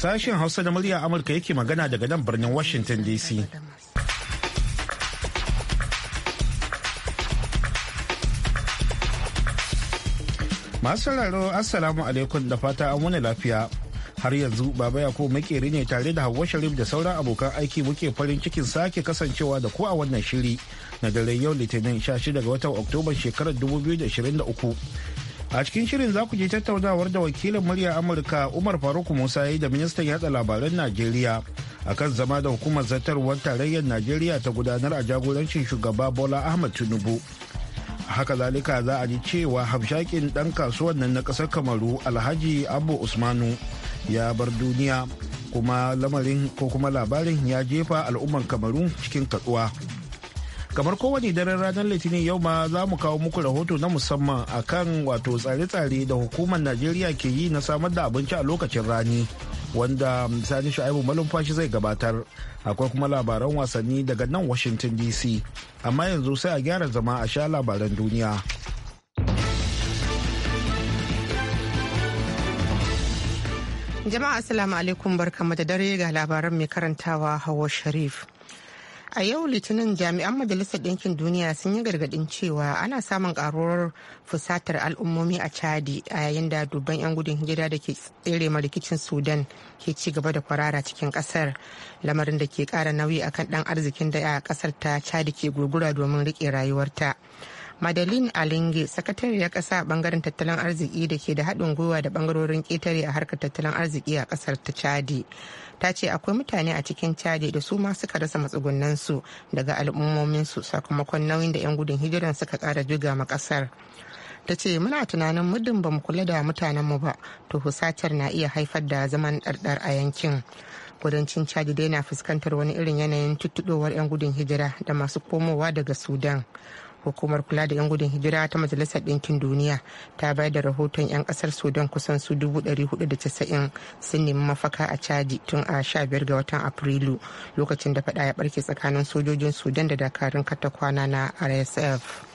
Sashen Hausa da murya Amurka yake magana daga nan birnin Washington DC. Masu sauraro Assalamu alaikum da fata an wani lafiya. har yanzu baba yakub makeri ne tare da hawa sharif da sauran abokan aiki muke farin cikin sake kasancewa da ku a wannan shiri na daren yau litinin 16 ga watan oktoba shekarar 2023 a cikin shirin za ku je tattaunawar da wakilin murya amurka umar faruk musa ya yi da ministan yada labaran najeriya akan zama da hukumar zartarwar tarayyar najeriya ta gudanar a jagorancin shugaba bola ahmad tinubu haka zalika za a ji cewa hamshakin dan kasuwan nan na kasar kamaru alhaji abu usmanu ya bar duniya kuma lamarin ko kuma labarin ya jefa al'umman kamaru cikin katsuwa kamar kowane daren ranar litinin yau ma za mu kawo muku rahoto na musamman akan wato tsare-tsare da hukumar najeriya ke yi na samar da abinci a lokacin rani wanda sani sha'ibu malumfashi zai gabatar akwai kuma labaran wasanni daga nan washington dc amma yanzu sai a gyara zama a sha labaran duniya Jama'a Assalamu alaikum barkamu da dare ga labaran mai karantawa Hawa Sharif. A yau Litinin jami'an Majalisar Ɗinkin Duniya sun yi gargaɗin cewa ana samun ƙaruwar fusatar al'ummomi a Chadi a yayin da dubban 'yan gudun hijira da ke tsere ma rikicin Sudan ke ci gaba da kwarara cikin ƙasar lamarin da ke ƙara nauyi akan ɗan arzikin da a ƙasar ta Chadi ke gurgura domin riƙe rayuwarta. madeline alinge sakatariyar kasa a bangaren tattalin arziki da ke da haɗin gwiwa da bangarorin ƙetare a harkar tattalin arziki a ƙasar ta chadi ta ce akwai mutane a cikin chadi da su ma suka rasa matsugunansu daga al'ummominsu sakamakon nauyin da 'yan gudun hijiran suka ƙara juga ma ƙasar ta ce muna tunanin muddin ba mu kula da mutanenmu ba to husatar na iya haifar da zaman ɗarɗar a yankin kudancin chadi dai na fuskantar wani irin yanayin tuttuɗowar 'yan gudun hijira da masu komowa daga sudan hukumar kula da 'yan gudun hijira ta majalisar ɗinkin duniya ta bayar da rahoton 'yan ƙasar sudan kusan su 490 sun nemi mafaka a caji tun a 15 ga watan afrilu lokacin da faɗa ya ɓarke tsakanin sojojin sudan da dakarun katakwana na rsf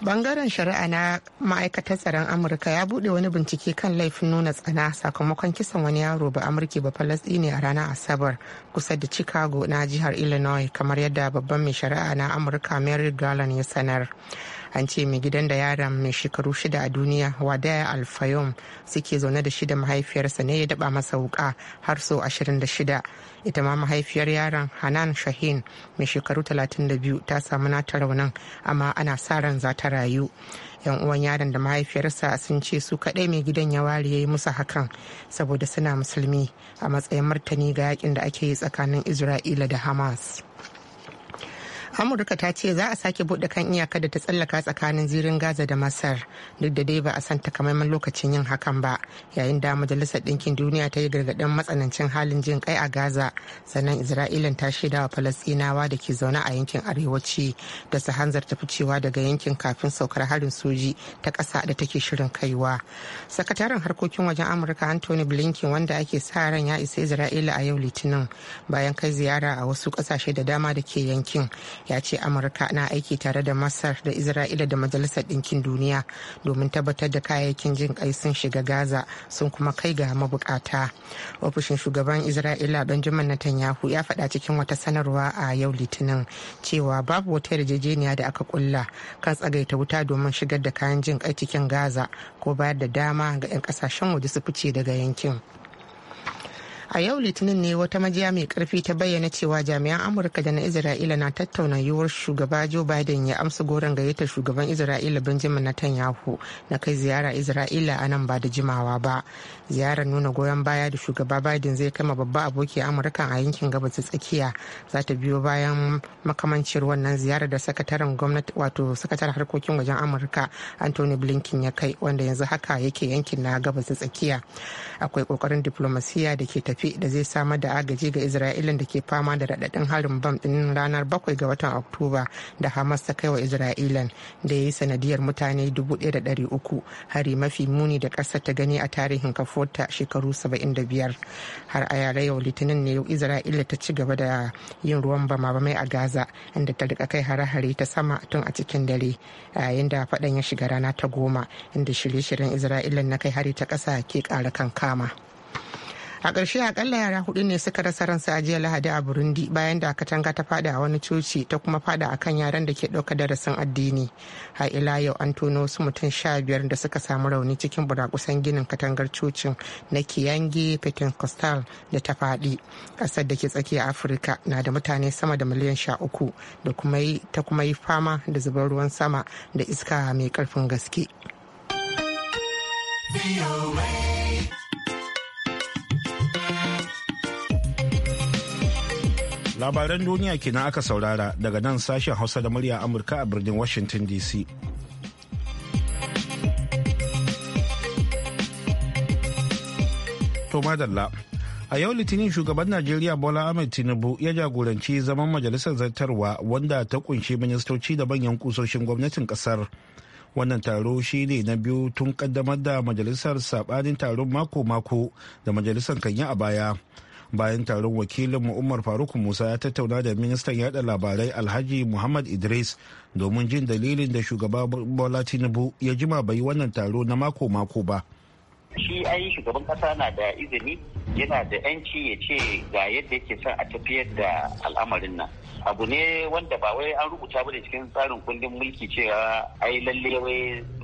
bangaren shari'a na ma'aikatar tsaron amurka ya bude wani bincike kan laifin nuna tsana sakamakon kisan wani yaro ba amurki ba falastini a ranar asabar kusa da chicago na jihar illinois kamar yadda babban mai shari'a na amurka mary garland ya sanar an ce mai gidan da yaron mai shekaru shida a duniya wadaya alfayom suke zaune da shida mahaifiyarsa ne ya daba masa wuka har so 26 ita ma mahaifiyar yaran hanan shahin mai shekaru 32 ta samu nata raunin amma ana sa ran za ta rayu yan uwan yaron da mahaifiyarsa sun ce su kaɗai mai gidan ya ware ya yi musu hakan saboda suna musulmi a matsayin martani ga yakin da ake yi tsakanin isra'ila da hamas amurka ta ce za a sake buɗe kan iyaka da ta tsallaka tsakanin zirin gaza da masar duk da dai ba a san takamaiman lokacin yin hakan ba yayin da majalisar ɗinkin duniya ta yi gargaɗin matsanancin halin jin kai a gaza sannan isra'ilan ta shaida wa falastinawa da ke zaune a yankin arewaci da su hanzarta ficewa daga yankin kafin saukar harin soji ta ƙasa da take shirin kaiwa sakataren harkokin wajen amurka anthony blinken wanda ake sa ran ya isa isra'ila a yau litinin bayan kai ziyara a wasu ƙasashe da dama da ke yankin ya ce amurka na aiki tare da masar da isra'ila da majalisar ɗinkin duniya domin tabbatar da kayayyakin jin kai sun shiga gaza sun kuma kai ga mabukata ofishin shugaban isra'ila benjamin netanyahu ya faɗa cikin wata sanarwa a yau litinin cewa babu wata yarjejeniya da aka kulla kan tsagaita wuta domin shigar da kayan jin kai cikin gaza ko bayar da dama ga 'yan kasashen waje su fice daga yankin a yau litinin ne wata majiya mai karfi ta bayyana cewa jami'an amurka da na isra'ila na tattauna yiwuwar shugaba joe biden ya amsa goron gayyatar shugaban isra'ila benjamin netanyahu na kai ziyara isra'ila a nan ba da jimawa ba ziyarar nuna goyon baya da shugaba biden zai kama babba aboki amurka a yankin gabas ta tsakiya za ta biyo bayan makamancin wannan ziyarar da sakataren gwamnati wato sakataren harkokin wajen amurka anthony blinken ya kai wanda yanzu haka yake yankin na gabas ta tsakiya akwai kokarin diplomasiya da ke tafiya tallafi da zai samar da agaji ga isra'ilin da ke fama da raɗaɗin harin bam ɗin ranar bakwai ga watan oktoba da hamas ta kai wa isra'ilan da ya yi sanadiyar mutane 1,300 hari mafi muni da ƙasa ta gani a tarihin kafota shekaru 75 har a yare yau litinin ne isra'ila ta ci gaba da yin ruwan bama ba mai a gaza inda ta rika kai hare-hare ta sama tun a cikin dare yayin da faɗan ya shiga rana ta goma inda shirye-shiryen isra'ila na kai hari ta ƙasa ke ƙara kankama. kama a ƙarshe akalla yara hudu ne suka rasa ransa a jiya lahadi a burundi bayan da katanga ta fada a wani coci ta kuma fada a kan yaran da ke ɗauka darasin addini a ila yau an tono wasu mutum sha biyar da suka samu rauni cikin burakusan ginin katangar cocin na kiyange petin costal da ta faɗi ƙasar da ke tsakiya afirka na da mutane sama da miliyan sha uku da ta kuma yi fama da zubar ruwan sama da iska mai ƙarfin gaske. labaran duniya kenan aka saurara daga nan sashen hausa da murya amurka a birnin washington dc to a yau litinin shugaban najeriya bola ahmed tinubu ya jagoranci zaman majalisar zartarwa wanda ta kunshi ministoci da manyan kusoshin gwamnatin kasar wannan taro shi ne na biyu tun kaddamar da majalisar sabanin taron mako-mako da majalisar kan a baya bayan taron wakilin mu umar faruk musa ya tattauna da ministan yada labarai alhaji muhammad idris domin jin dalilin da shugaba bola tinubu ya jima bai wannan taro na mako-mako ba shi ai shugaban kasa na da izini yana da yanci ya ce ga yadda yake son a tafiyar da al'amarin nan abu ne wanda ba wai an rubuta ba da cikin tsarin kundin mulki cewa ai lalle wai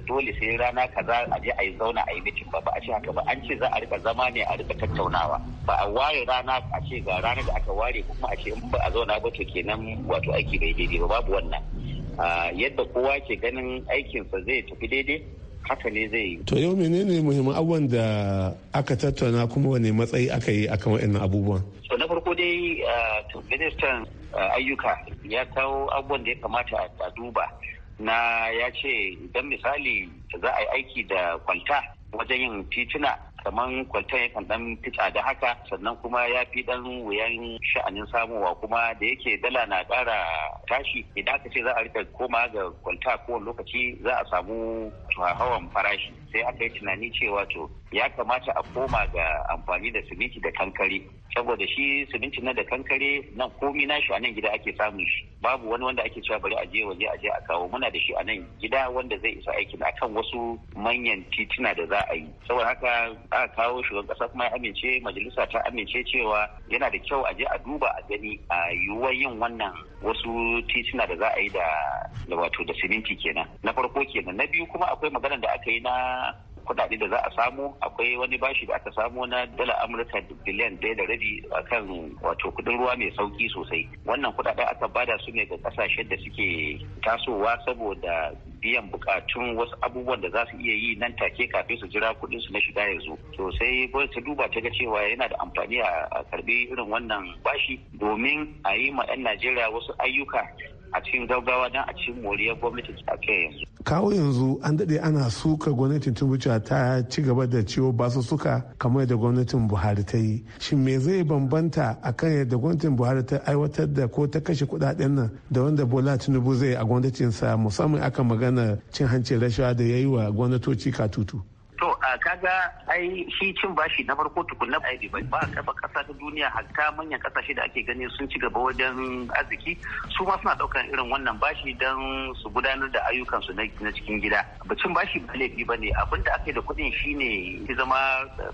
dole sai rana kaza a je a yi zauna a yi mitin ba ba a ce haka ba an ce za a rika zama ne a rika tattaunawa ba a ware rana a ce ga rana da aka ware kuma a ce in ba a zauna ba to kenan wato aiki bai daidai ba babu wannan ah, yadda kowa ke ganin aikinsa zai tafi daidai haka ne zai yi. To yau menene muhimman abubuwan da aka tattauna kuma wane matsayi aka yi akan waɗannan abubuwan? To na farko dai ah, ministan ah, ayyuka ya kawo abubuwan da ya kamata a duba na ya ce idan misali za a yi aiki da kwalta wajen yin tituna kamar kwalta ya kan dan fi da haka sannan kuma ya fi dan wuyan sha'anin samuwa kuma da yake dala na ƙara tashi idan aka ce za a rika koma ga kwalta kowane lokaci za a samu wato hawan farashi sai aka yi tunani cewa to ya kamata a koma ga amfani da siminti da kankare saboda shi siminti na da kankare nan komi nashi a nan gida ake samun shi babu wani wanda ake cewa bari a je waje a je a kawo muna da shi a nan gida wanda zai isa aikin akan wasu manyan tituna da za a yi saboda haka aka kawo shugaban kasa kuma ya amince majalisa ta amince cewa yana da kyau a je a duba a gani a yiwuwar yin wannan wasu titina da za a yi da wato da siminti kenan na farko kenan na biyu kuma akwai maganar da aka yi na Kudade da za a samu akwai wani bashi da aka samu na dala amurka biliyan ɗaya da rabi a kan wato kudin ruwa mai sauki sosai wannan kuɗaɗen aka bada su ne ga kasashen da suke tasowa saboda biyan bukatun wasu abubuwan da za su iya yi nan take kafin su jira kudin su na shiga yanzu to sai ta duba ta ga cewa yana da amfani a karbi irin wannan bashi domin a yi ma 'yan najeriya wasu ayyuka a cikin gaggawa don a cikin moriyar gwamnati a ke yanzu. kawo yanzu an daɗe ana suka gwamnatin cewa ta ci gaba da ciwo su suka kamar yadda gwamnatin buhari ta yi shin me zai bambanta akan yadda gwamnatin buhari ta aiwatar da ko ta kashe kuɗaɗen nan da wanda bola tinubu zai a gwamnatinsa musamman aka magana cin hanci rashawa da ya yi wa gwamnatoci katutu. a kaga ai shi cin bashi na farko tukunna ba ba ba kafa kasa ta duniya hatta manyan kasashe da ake gani sun ci gaba wajen arziki su ma suna daukan irin wannan bashi don su gudanar da ayyukan su na cikin gida ba cin bashi ba laifi ba ne abin da aka da kuɗin shine ne zama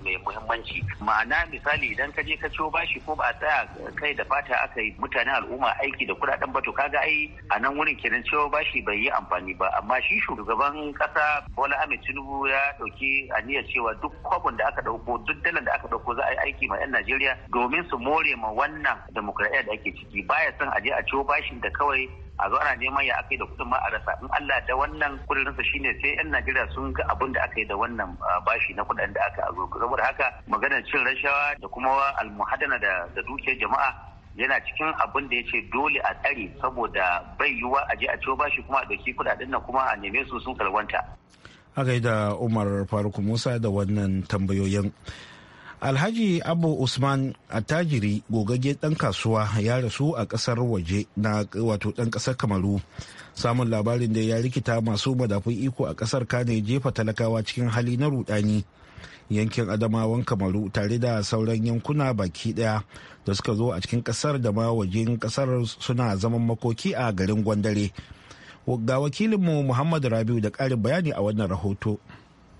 mai muhimmanci ma'ana misali idan ka je ka ciwo bashi ko ba tsaya kai da fata aka yi mutanen al'umma aiki da kuɗaɗen ba to kaga ai a nan wurin kenan ciwo bashi bai yi amfani ba amma shi shugaban kasa Bola Ahmed Tinubu ya dauki aniyar cewa duk kwabon da aka dauko duk dalan da aka dauko za a yi aiki ma yan Najeriya domin su more ma wannan demokradiyya da ake ciki baya son a je a ciwo bashin da kawai a zo ana neman ya aka yi da kuɗin ma a rasa in Allah da wannan shi shine sai yan Najeriya sun ga abun da aka yi da wannan ah, bashi na kudin da aka azo saboda haka maganar cin rashawa da kuma almuhadana da dukiyar jama'a yana cikin abin da ya ce dole a tsare saboda bai yiwuwa a je a ciwo bashi kuma a ɗauki kudaden nan kuma a neme su sun kalwanta. a da umar faruk musa da wannan tambayoyin alhaji abu usman attajiri gogagge dan kasuwa ya rasu a kasar waje na wato dan kasar kamaru samun labarin da ya rikita masu madafun iko a kasar kane jefa talakawa cikin hali na rudani yankin adamawan kamaru tare da sauran yankuna baki daya da suka zo a cikin kasar da ma wajen kasar suna zaman makoki a garin gwandare ga wakilinmu muhammadu rabiu da ƙarin bayani a wannan rahoto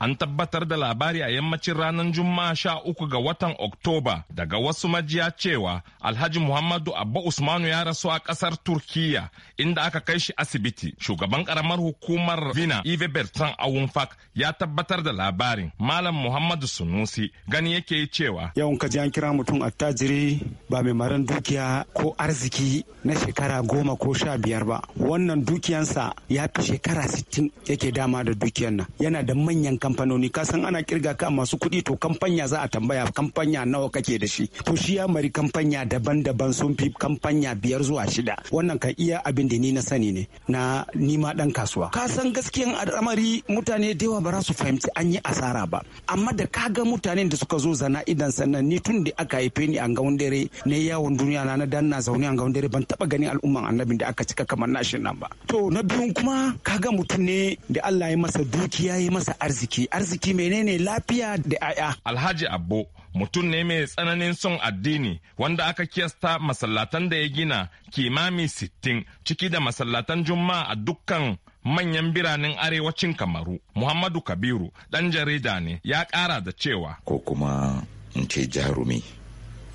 an tabbatar da labari a yammacin ranar juma'a sha uku ga watan oktoba daga wasu majiya cewa alhaji muhammadu abba usmanu ya rasu a kasar turkiya inda aka kai shi asibiti shugaban karamar hukumar vina ive bertrand awunfak ya tabbatar da labarin malam muhammadu sunusi gani yake cewa yawan kaji an kira mutum attajiri ba mai maran dukiya ko arziki na shekara goma ko sha biyar ba wannan dukiyansa ya fi shekara sittin yake dama da dukiyan nan yana da manyan kamfanoni ka san ana kirga ka masu kuɗi to kamfanya za a tambaya kamfanya nawa kake da shi to shi ya mari kamfanya daban-daban sun fi kamfanya biyar zuwa shida wannan kan iya abin da ni na sani ne na nima dan kasuwa ka san gaskiyan al'amari mutane da yawa ba za su fahimci an yi asara ba amma da ka ga mutanen da suka zo zana idan sannan ni tun da aka haife ni a gawon dare ne yawon duniya na na danna zaune a gawon dare ban taba ganin al'umman annabin da aka cika kamar nashin nan ba to na biyun kuma ka ga mutum ne da Allah ya masa dukiya ya masa arziki arziki arziki menene lafiya da 'ya'ya alhaji abbo mutum ne mai tsananin son addini wanda aka kiyasta masallatan da ya gina kimami sittin ciki da masallatan juma'a a dukkan manyan biranen arewacin kamaru muhammadu kabiru dan jarida ne ya ƙara da cewa ko kuma in ce jarumi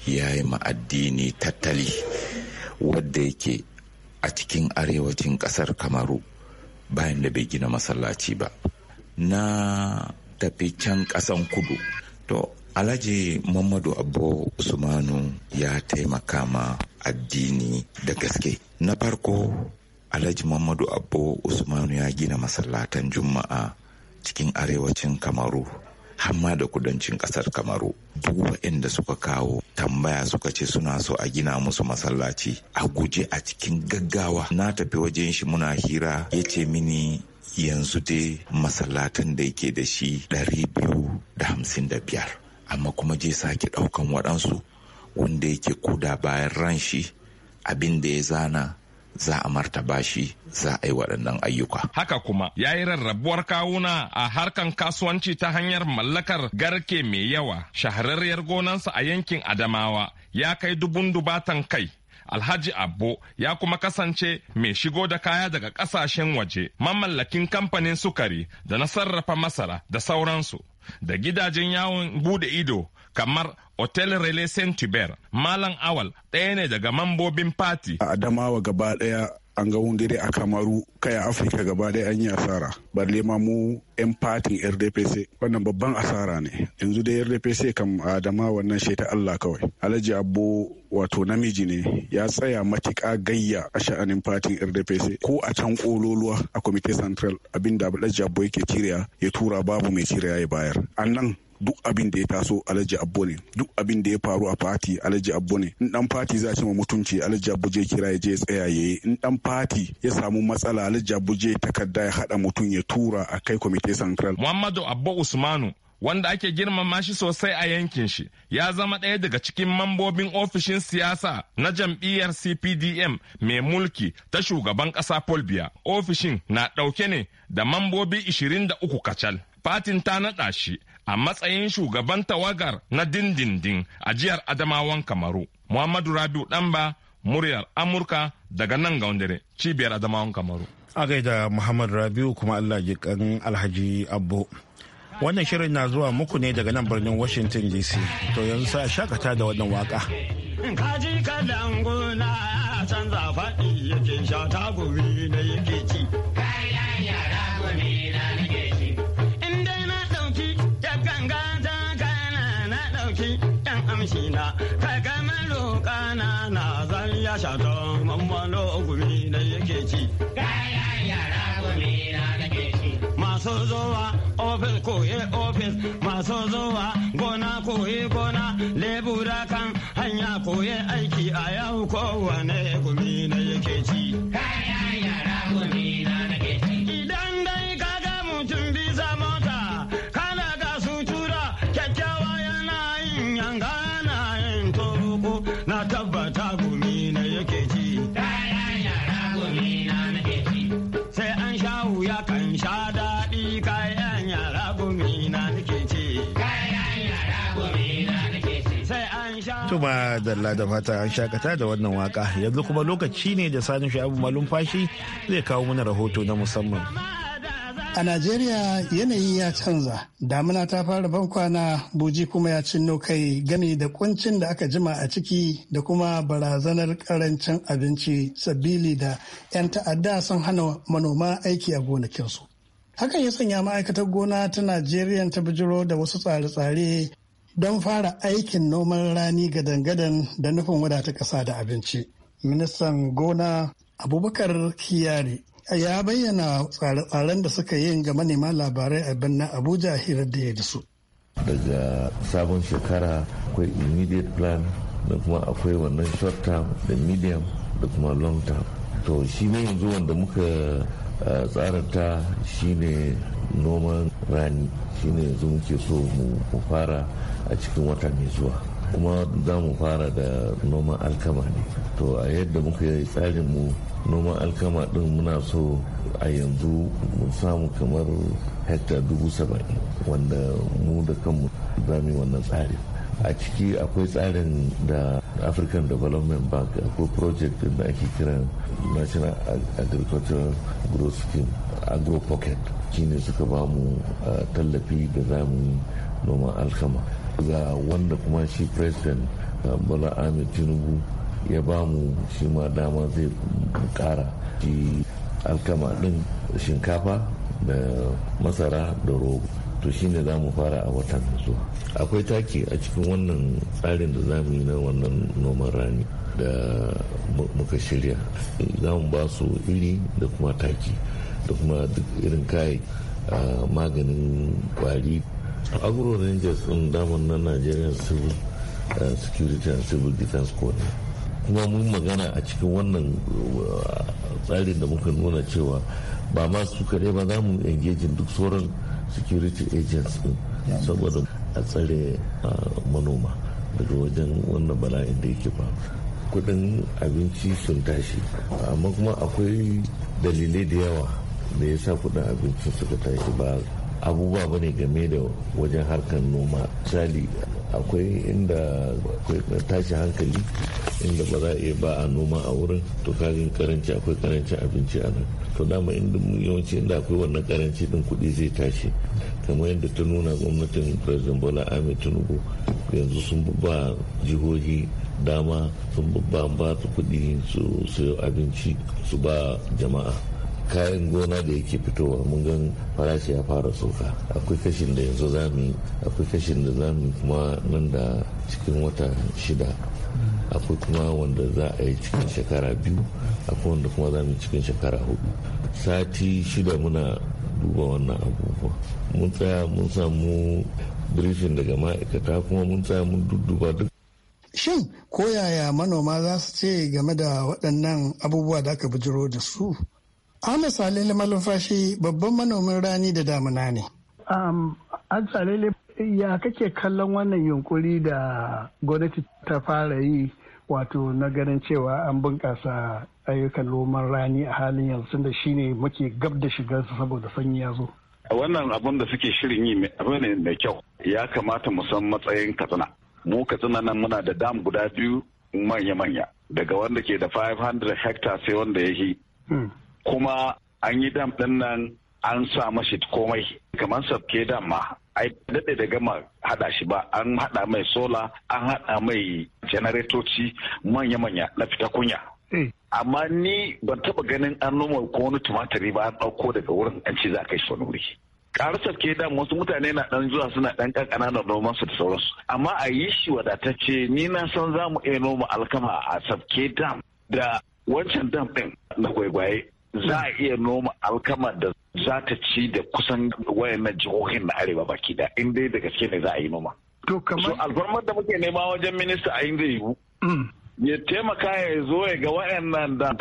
ya yi ma'addini tattali wadda yake a cikin arewacin ƙasar kamaru bayan da bai gina masallaci ba na tafi can ƙasan kudu to alhaji mamadu abu usmanu ya taimaka ma addini da gaske na farko alhaji mamadu abu usmanu ya gina masallatan juma'a cikin arewacin kamaru hamma da kudancin kasar kamaru duk waɗanda suka kawo tambaya suka ce suna so a gina musu masallaci a guje a cikin gaggawa na tafi wajen shi muna hira ya ce mini yanzu dai masallatan da yake da shi ɗari biyu da hamsin da biyar amma kuma je sake ɗaukan waɗansu wanda yake kuda bayan ran shi abin da ya zana za a martaba shi za a yi waɗannan ayyuka. Haka kuma ya yi rarrabuwar kawuna a harkan kasuwanci ta hanyar mallakar garke mai yawa shahararriyar gonansa a yankin Adamawa ya kai dubun dubatan kai Alhaji Abbo ya kuma kasance mai shigo da kaya daga kasashen waje, mamallakin kamfanin sukari da na sarrafa masara da sauransu, da gidajen yawon bude ido kamar Hotel Relais Saint-Hubert, Malam Awal ɗaya ne daga mambobin fati. A Adamawa gaba ɗaya an ga wundere a kamaru kai a afirka gaba dai an yi asara balle ma mu 'yan fatin rdpc wannan babban asara ne yanzu dai rdpc kam adama wannan shi ta allah kawai alhaji abbo wato namiji ne ya tsaya matuƙa gayya a sha'anin fatin rdpc ko a can ƙololuwa a kwamitin central abinda alhaji abbo yake cirewa ya tura babu mai cirewa ya bayar a duk abin da ya taso alhaji abbo ne duk abin da ya faru a fati alhaji abbo ne in dan fati za a ma mutunci alhaji abbo je kira ya je ya tsaya yayi in dan fati ya samu matsala alhaji abbo je takarda ya haɗa mutum ya tura a kai kwamite central muhammadu abbo usmanu wanda ake girmama shi sosai a yankin shi ya zama ɗaya daga cikin mambobin ofishin siyasa na jam'iyyar cpdm mai mulki ta shugaban ƙasa polbia ofishin na ɗauke ne da mambobi uku kacal fatin ta naɗa shi a matsayin shugaban tawagar na dindindin a jihar Adamawan Kamaru. Muhammadu Rabiu Ɗanba, muryar Amurka daga nan ga cibiyar Adamawan Kamaru. A gaida Muhammadu Rabiu kuma Allah jikan Alhaji Abbo. Wannan shirin na zuwa muku ne daga nan birnin Washington DC. To yanzu sai a shakata da wannan waka. Kaji kadan guna canza faɗi yake sha ta gobe na yake ci. amshina kai kai malo kana na zan ya shato mamalo gumi na yake ci kayan yara gumi na nake ci zuwa ofis koye ofis masu zuwa gona koye gona lebura kan hanya koye aiki a yau kowane gumi na yake ci madalla da fata an shakata da wannan waka yanzu kuma lokaci ne da sanin shabu malumfashi zai kawo mana rahoto na musamman a najeriya yanayi ya canza damuna ta fara bankwana buji kuma ya cinno kai gami da kuncin da aka jima a ciki da kuma barazanar karancin abinci sabili da 'yan ta'adda sun hana manoma aiki a gonakinsu hakan ya sanya ma'aikatar gona ta najeriya ta bijiro da wasu tsare-tsare don fara aikin noman rani ga dangadan da nufin wadata ƙasa da abinci. Ministan gona Abubakar Kiyari ya bayyana tsare-tsaren da suka yi ga manema labarai a birnin Abuja hirar da ya da su. Daga sabon shekara akwai immediate plan da kuma akwai wannan short term da medium da kuma long term. To shi ne yanzu wanda muka tsara tsarata ne noman rani shi ne yanzu muke so mu fara a cikin wata mai zuwa kuma za mu fara da noman alkama ne to a yadda muka yi tsarin mu noman alkama din muna so a yanzu mu samu kamar hekta dubu saba'in wanda mu da kanmu za mu yi wannan tsarin a ciki akwai tsarin da african development bank akwai project da ake kira national agricultural growth scheme agro pocket shine suka ba mu ah, tallafi da za mu noman alkama ga wanda kuma shi president uh, bala ahmed tinubu ya ba mu shi ma dama zai kara shi alkama din shinkafa da masara da rogo to shine za mu fara a watan zuwa akwai taki a cikin wannan tsarin da za mu yi na wannan noman rani da muka shirya za mu ba su iri da kuma taki da kuma duk irin kai uh, maganin kwari agro rangers din daman na nigeria civil eh, security and civil defense corps kuma mun magana a cikin wannan eh, tsarin da muka nuna cewa ba ma su kare ba za mu engage duk sauran security agents din saboda a tsare eh, manoma daga wajen wannan bala'in da yake ba kudin abinci sun tashi amma kuma akwai dalilai da yawa da ya sa kudin abincin suka tashi ba abubuwa ba ne game da wajen harkar noma misali akwai inda akwai tashi hankali inda ba za a iya ba a noma a wurin to kagin karanci akwai karancin abinci a nan to dama inda yawanci inda akwai wannan karanci din kuɗi zai tashi kamar yadda ta nuna gwamnatin president bola ahmed tinubu yanzu sun ba jihohi dama sun ba su kuɗi su sayo abinci su ba jama'a kayan gona da yake fitowa mun gan farashi ya fara sauka. akwai kashin da yanzu za mu yi akwai kashin da za mu kuma nan da cikin wata shida akwai kuma wanda za a yi cikin shekara biyu akwai wanda kuma za mu yi cikin shekara hudu sati shida muna duba wannan abubuwa mun tsaya mun samu birishin daga ma'aikata kuma mun tsaya mun dudduba duk shin koyaya manoma za su ce game da waɗannan abubuwa da aka bijiro da su Ahmed Salele malumfashi babban manomin rani da damuna ne. Um, an Salele ya kake kallon wannan yunkuri da gwamnati ta fara yi wato na ganin cewa an bunƙasa ayyukan noman rani a halin yanzu da ne muke gab da shigarsa saboda sanyi ya zo. Wannan abin da suke shirin yi abu ne mai kyau ya kamata mu san matsayin katsina. Mu katsina nan muna da dam guda biyu manya-manya daga wanda ke da 500 hectare sai wanda ya yi. Hmm. kuma an yi dam ɗin nan an sa mashi komai kamar sabke dam ma ai daɗe da gama haɗa shi ba an haɗa mai sola an haɗa mai janaretoci manya-manya na fita kunya eh. amma ni ban taɓa ganin an noma ko wani tumatiri ba an ɗauko daga wurin an ci za a kai shi wani ƙarar sabke dam wasu mutane na ɗan zuwa suna ɗan ƙanƙana da su da sauransu amma a yi shi wadatacce ni na san za mu iya noma alkama a sabke dam da wancan dam ɗin na gwaigwaye za a iya noma alkama da za ta ci da kusan wayannan jihohin na arewa baki da in dai da gaske ne za a yi noma. To kamar So, alfarmar da muke nema wajen minista a yin zai yi. Mm. Ya taimaka ya zo ya ga wayannan da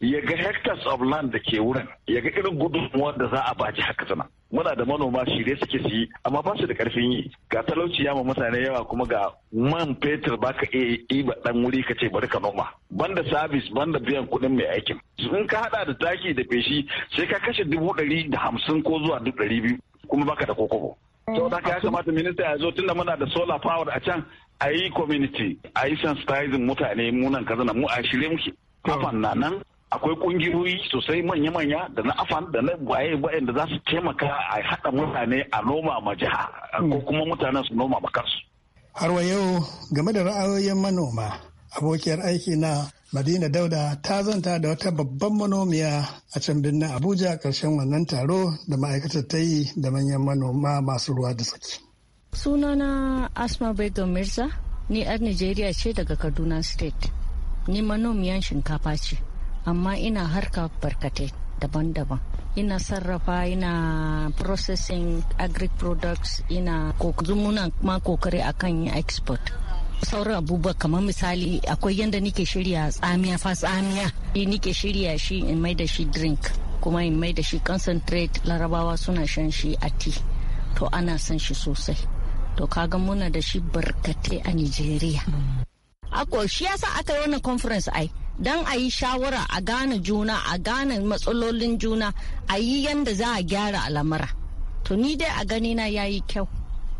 ya ga hectares of land da ke wurin ya ga irin gudunmuwar da za a baji haka sana muna da manoma shirye suke su yi amma ba su da karfin yi ga talauci ma mutane yawa kuma ga man fetur ba ka iya yi ba dan wuri ka ce bari ka noma banda sabis banda biyan kuɗin mai aikin in ka hada da taki da feshi sai ka kashe dubu ɗari da hamsin ko zuwa dubu ɗari biyu kuma baka da kokobo da ka ya kamata minista ya zo tunda muna da solar power a can a yi community a yi sensitizing mutane munan kazana mu a shirye muke kafan na nan akwai kungiyoyi sosai manya-manya da na afan da na waye waɗanda za su taimaka a haɗa mutane a noma ma jiha ko kuma mutanen su noma ma kansu. Har wa yau game da ra'ayoyin manoma abokiyar aiki na Madina Dauda ta zanta da wata babban manomiya a can birnin Abuja ƙarshen wannan taro da ma'aikatar ta yi da manyan manoma masu ruwa da tsaki. Sunana Asma Begum Mirza, ni 'yar Nigeria ce daga Kaduna State, ni manomiyan shinkafa ce. amma ina harka barkatai daban-daban ina sarrafa ina processing agri products ina zumuna ma kokari akan export sauran abubuwa kamar misali akwai yadda nike shirya tsamiya fa tsamiya nike shirya shi in mai da shi drink kuma in mai da shi concentrate larabawa suna shan shi a tea to ana san shi sosai to kaga muna da shi barkate a nigeria hmm. o shi yasa aka yi wannan conference ai don a yi shawara a gane juna a gane matsalolin juna a yi yadda za a gyara al'amura to ni dai a gani na ya yi kyau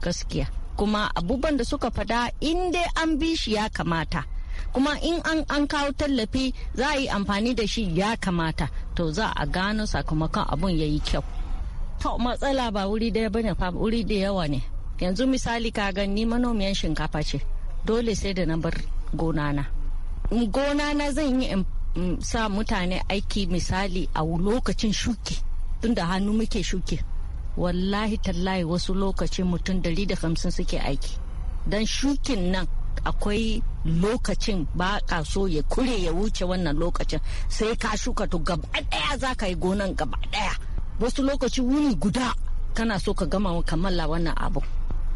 gaskiya kuma abubuwan da suka fada in dai an bi shi ya kamata kuma in an, an kawo tallafi za a yi amfani da shi ya kamata to za a gano sakamakon abun ya yi kyau matsala ba wuri daya bane fa wuri da yawa ne yanzu misali ka gani manomiyan shinkafa ce dole sai da na bar gona na gona na zan yi in sa mutane aiki misali a lokacin shuki tunda hannu muke shuki wallahi tallahi wasu lokacin mutum dari da hamsin suke aiki don shukin nan akwai lokacin ba ka so ya kure ya wuce wannan lokacin sai ka shuka to gaba daya za ka yi gonan gaba daya wasu lokaci wuni guda kana so ka gama kammala wannan abu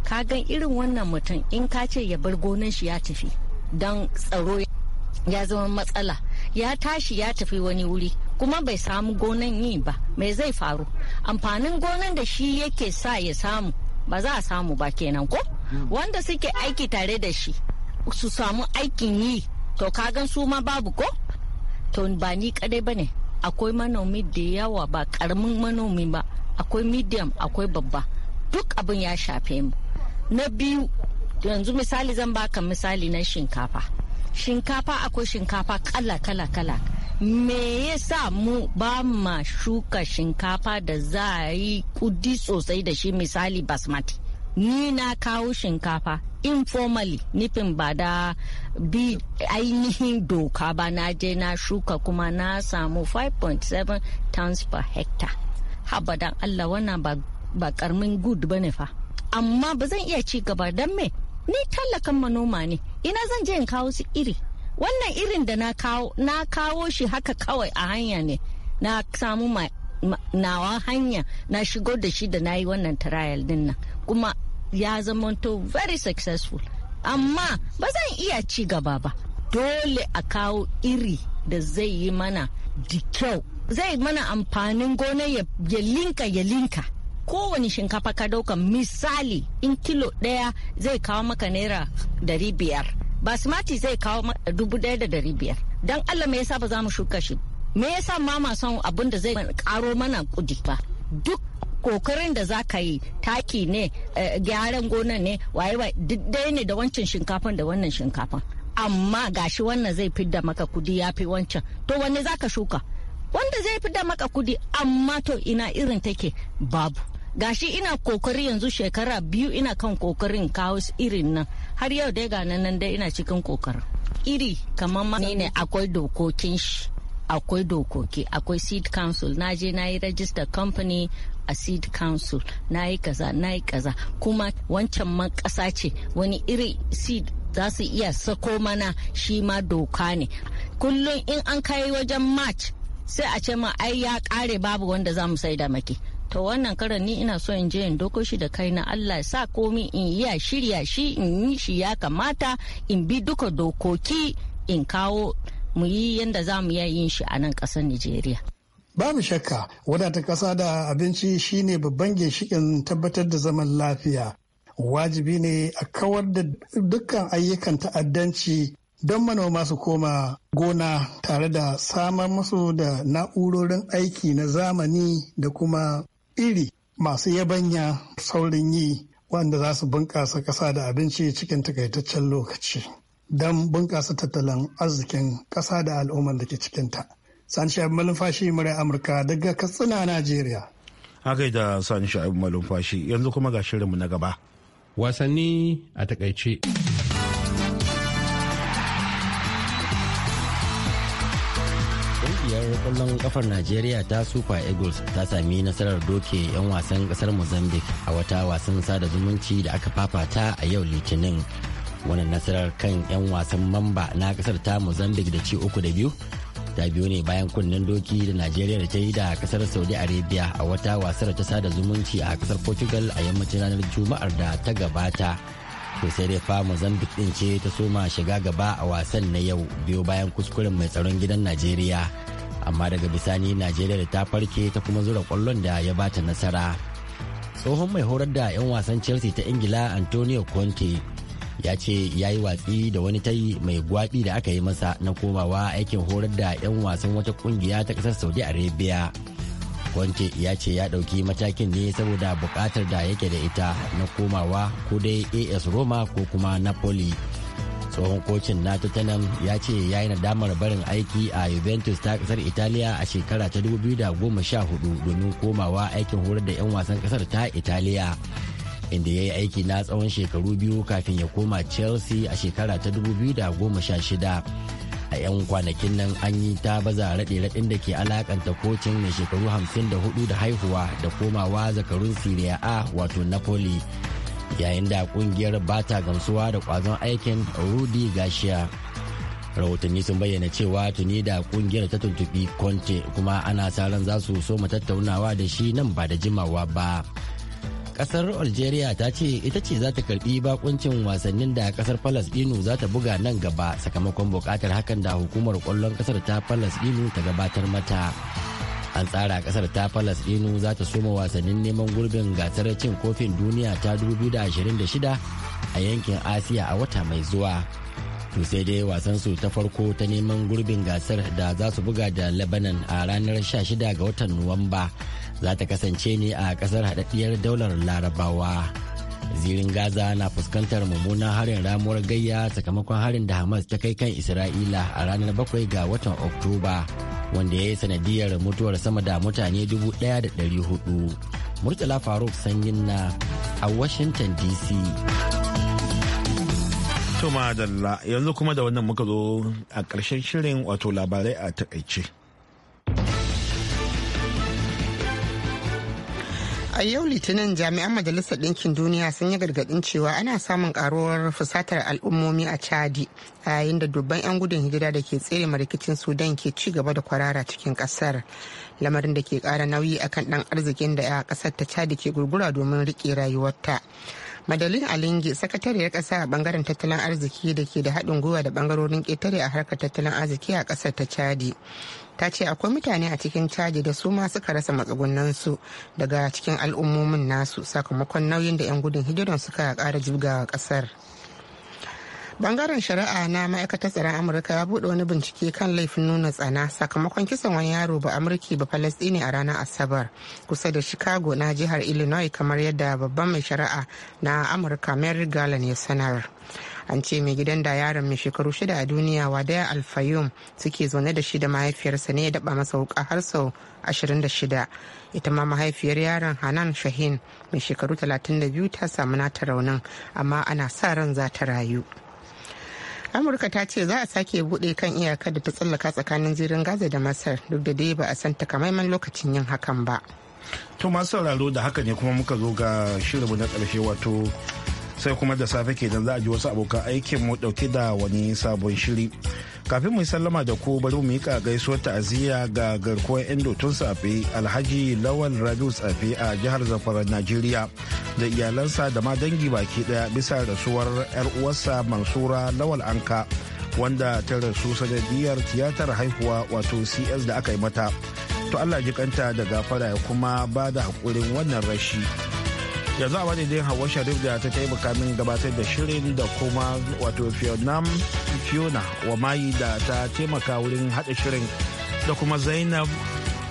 ka gan irin wannan mutum in ka ce ya bar gonan shi ya tafi don tsaro ya zama matsala ya tashi ya tafi wani wuri kuma bai samu gonan yi ba mai zai faru amfanin gonan da shi yake sa ya samu ba za a samu ba kenan ko hmm. wanda suke aiki tare da shi su samu aikin yi to kagan su ma babu ko to ba ni kadai bane akwai manomi da yawa ba karamin manomi ba akwai medium akwai babba duk abin ya shafe mu na biyu yanzu misali zan baka misali na shinkafa shinkafa akwai shinkafa kala kala kala me yasa mu ba ma shuka shinkafa da za a yi kudi sosai da shi misali basmati ni na kawo shinkafa informally nufin ba da bi ainihin doka ba na je na shuka kuma na samu 5.7 tons per hectare habadan allah wannan ba karmin good ba ne fa amma ba zan iya ci gaba don me ni tallakan manoma ne ina zan je in kawo su iri wannan irin da na kawo na kawo shi haka kawai a hanya ne na samu nawa hanya na shigo da shi da na yi wannan trial din nan kuma ya zama to very successful amma ba zan iya ci gaba ba dole a kawo iri da zai yi mana da kyau zai mana amfanin gona ya linka ya linka kowane shinkafa ka dauka misali in kilo ɗaya zai kawo maka naira dari biyar basmati zai kawo maka dubu ɗaya da dari biyar don allah me yasa ba za mu shuka shi me yasa ma ma son abin da zai karo mana kudi ba duk kokarin da za ka yi taki ne eh, gyaran gona ne waye wa duk ne da wancan shinkafan da wannan shinkafan amma gashi wannan zai fidda maka kudi ya fi wancan to wani za ka shuka wanda zai fi da maka kudi amma to ina irin take babu gashi ina kokari yanzu shekara biyu ina kan kokarin kawo irin nan har yau dai ga nan dai ina cikin kokarin iri kamar ma ne akwai dokokin shi akwai dokoki akwai seed council na je na yi register company a seed council na yi kaza na yi kaza kuma wancan man kasa ce wani iri seed za su iya sako mana shi ma doka ne kullum in an kai wajen march sai a ce ma ai ya kare babu wanda za mu sai da maki to wannan karan ni ina so in je in doko shi da kai na Allah sa komi in iya shirya shi in yi shi ya kamata in bi duka dokoki in kawo mu yi yadda za mu iya yin shi a nan ƙasar Nijeriya. Babu shakka wadata ƙasa da abinci shine babban ginshikin tabbatar da zaman lafiya. Wajibi ne a kawar da dukkan ayyukan ta'addanci don manoma su koma gona tare da samar musu da na'urorin aiki na zamani da kuma iri masu yabanya saurin yi wanda za su bunƙasa ƙasa da abinci cikin takaitaccen lokaci don bunƙasa tattalin arzikin ƙasa da al'ummar da ke cikinta. Sani Shaibu Malumfashi murai Amurka daga Katsina, Najeriya. Haka da Sani Shaibu Malumfashi yanzu kuma ga shirinmu na gaba. Wasanni a takaice. kwallon kafar najeriya ta super eagles ta sami nasarar doke 'yan wasan kasar mozambique a wata wasan sada zumunci da aka fafata a yau litinin wannan nasarar kan 'yan wasan mamba na kasar ta mozambique da ci uku da biyu ta biyu ne bayan kunnen doki da najeriya da ta yi da kasar saudi arabia a wata wasar ta sada zumunci a kasar portugal a yammacin ranar juma'ar da ta gabata to sai dai fa mozambique din ce ta soma shiga gaba a wasan na yau biyo bayan kuskuren mai tsaron gidan najeriya amma daga bisani najeriya da ta farke ta kuma zura kwallon da ya bata nasara tsohon mai horar da 'yan wasan chelsea ta ingila antonio conte ya ce ya yi watsi da wani tayi mai gwabi da aka yi masa na komawa aikin horar da 'yan wasan wata kungiya ta kasar saudi arabia conte ya ce ya ɗauki matakin ne saboda bukatar da yake da ita na komawa ko dai as roma ko kuma napoli tsohon kocin na tottenham ya ce ya yi nadamar barin aiki a juventus ta kasar italiya a shekara ta 2014 domin komawa aikin horar da 'yan wasan kasar ta italiya inda ya yi aiki na tsawon shekaru biyu kafin ya koma chelsea a shekara ta 2016 a 'yan kwanakin nan an yi ta baza raɗe-raɗin da ke alakanta kocin mai shekaru 54 da haihuwa da komawa zakarun serie a wato napoli yayin da kungiyar ba ta gamsuwa da kwazon aikin Rudy gashiya. Rahotanni sun bayyana cewa tuni da kungiyar ta tuntubi Conte kuma ana sa ran za su so tattaunawa da shi nan ba da jimawa ba. Kasar Algeria ta ce ita ce za ta karbi bakuncin wasannin da kasar Falasdinu za ta buga nan gaba sakamakon bukatar hakan da hukumar kwallon kasar ta Falasdinu ta gabatar mata. an tsara kasar ta palestinu za ta soma wasannin neman gurbin gasar cin kofin duniya ta 2026 a yankin asiya a wata mai zuwa to sai dai wasan su ta farko ta neman gurbin gasar da za su buga da lebanon a ranar 16 ga watan nuwamba za ta kasance ne a kasar hadaddiyar daular larabawa zirin gaza na fuskantar mummunan harin ramuwar gayya sakamakon harin da hamas ta kai kan isra'ila a ranar 7 ga watan oktoba wanda ya yi sanadiyar mutuwar sama da mutane 1,400 murtala faruk sanyin na a washington dc Tuma da yanzu kuma da wannan muka zo a ƙarshen shirin wato labarai a takaice a yau litinin jami'an majalisar ɗinkin duniya sun yi gargaɗin cewa ana samun karuwar fusatar al'ummomi a chadi yayin da dubban 'yan gudun hijira da ke tsere rikicin sudan ke ci gaba da kwarara cikin ƙasar lamarin da ke ƙara nauyi akan ɗan arzikin da 'ya ƙasar ta chadi ke gurgura domin riƙe rayuwarta madalin alingi sakatariyar kasa a bangaren tattalin arziki da ke da haɗin gwiwa da bangarorin ƙetare a harkar tattalin arziki a ƙasar ta chadi ta ce akwai mutane a cikin chadi da su ma suka rasa su daga cikin al'ummomin nasu sakamakon nauyin da 'yan gudun hijiran suka ƙara jibgawa ƙasar. bangaren shari'a na ma'aikatar tsaron amurka ya buɗe wani bincike kan laifin nuna tsana sakamakon kisan wani yaro ba amurki ba falastini a ranar asabar kusa da chicago na jihar illinois kamar yadda babban mai shari'a na amurka mary garland ya sanar an ce mai gidan da yaron mai shekaru shida a duniya wadaya alfayum suke zaune da shi da mahaifiyarsa ne ya daba masa wuka har sau 26 ita ma mahaifiyar yaron hanan shahin mai shekaru 32 ta samu nata raunin amma ana sa ran za ta rayu amurka ta ce za a sake bude kan iyaka da ta tsallaka tsakanin zirin gaza da masar duk da dai ba a san takamaiman lokacin yin hakan ba to masu sauraro da haka ne kuma muka zo ga shirinmu na karshe wato sai kuma da safe ke za a ji wasu abokan aikin mu dauke da wani sabon shiri kafin mu sallama da ko bari mu yi gaisuwar ta'aziyya ga garkuwar indo tun safe alhaji lawal rabiu safe a jihar zamfara najeriya da iyalansa da ma dangi baki daya bisa rasuwar 'yar uwarsa mansura lawal anka wanda ta rasu sanadiyar tiyatar haihuwa wato cs da aka yi mata to allah jikanta da gafara ya kuma ba da haƙurin wannan rashi yanzu a madadin hawa sharif da ta taimaka min gabatar da shirin da kuma wato fiona fiona wa mayi da ta taimaka wurin haɗa shirin da kuma zainab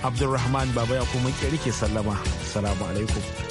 abdulrahman baba ya kuma ke sallama salamu alaikum